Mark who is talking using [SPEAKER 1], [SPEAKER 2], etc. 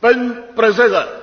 [SPEAKER 1] Pan prezident.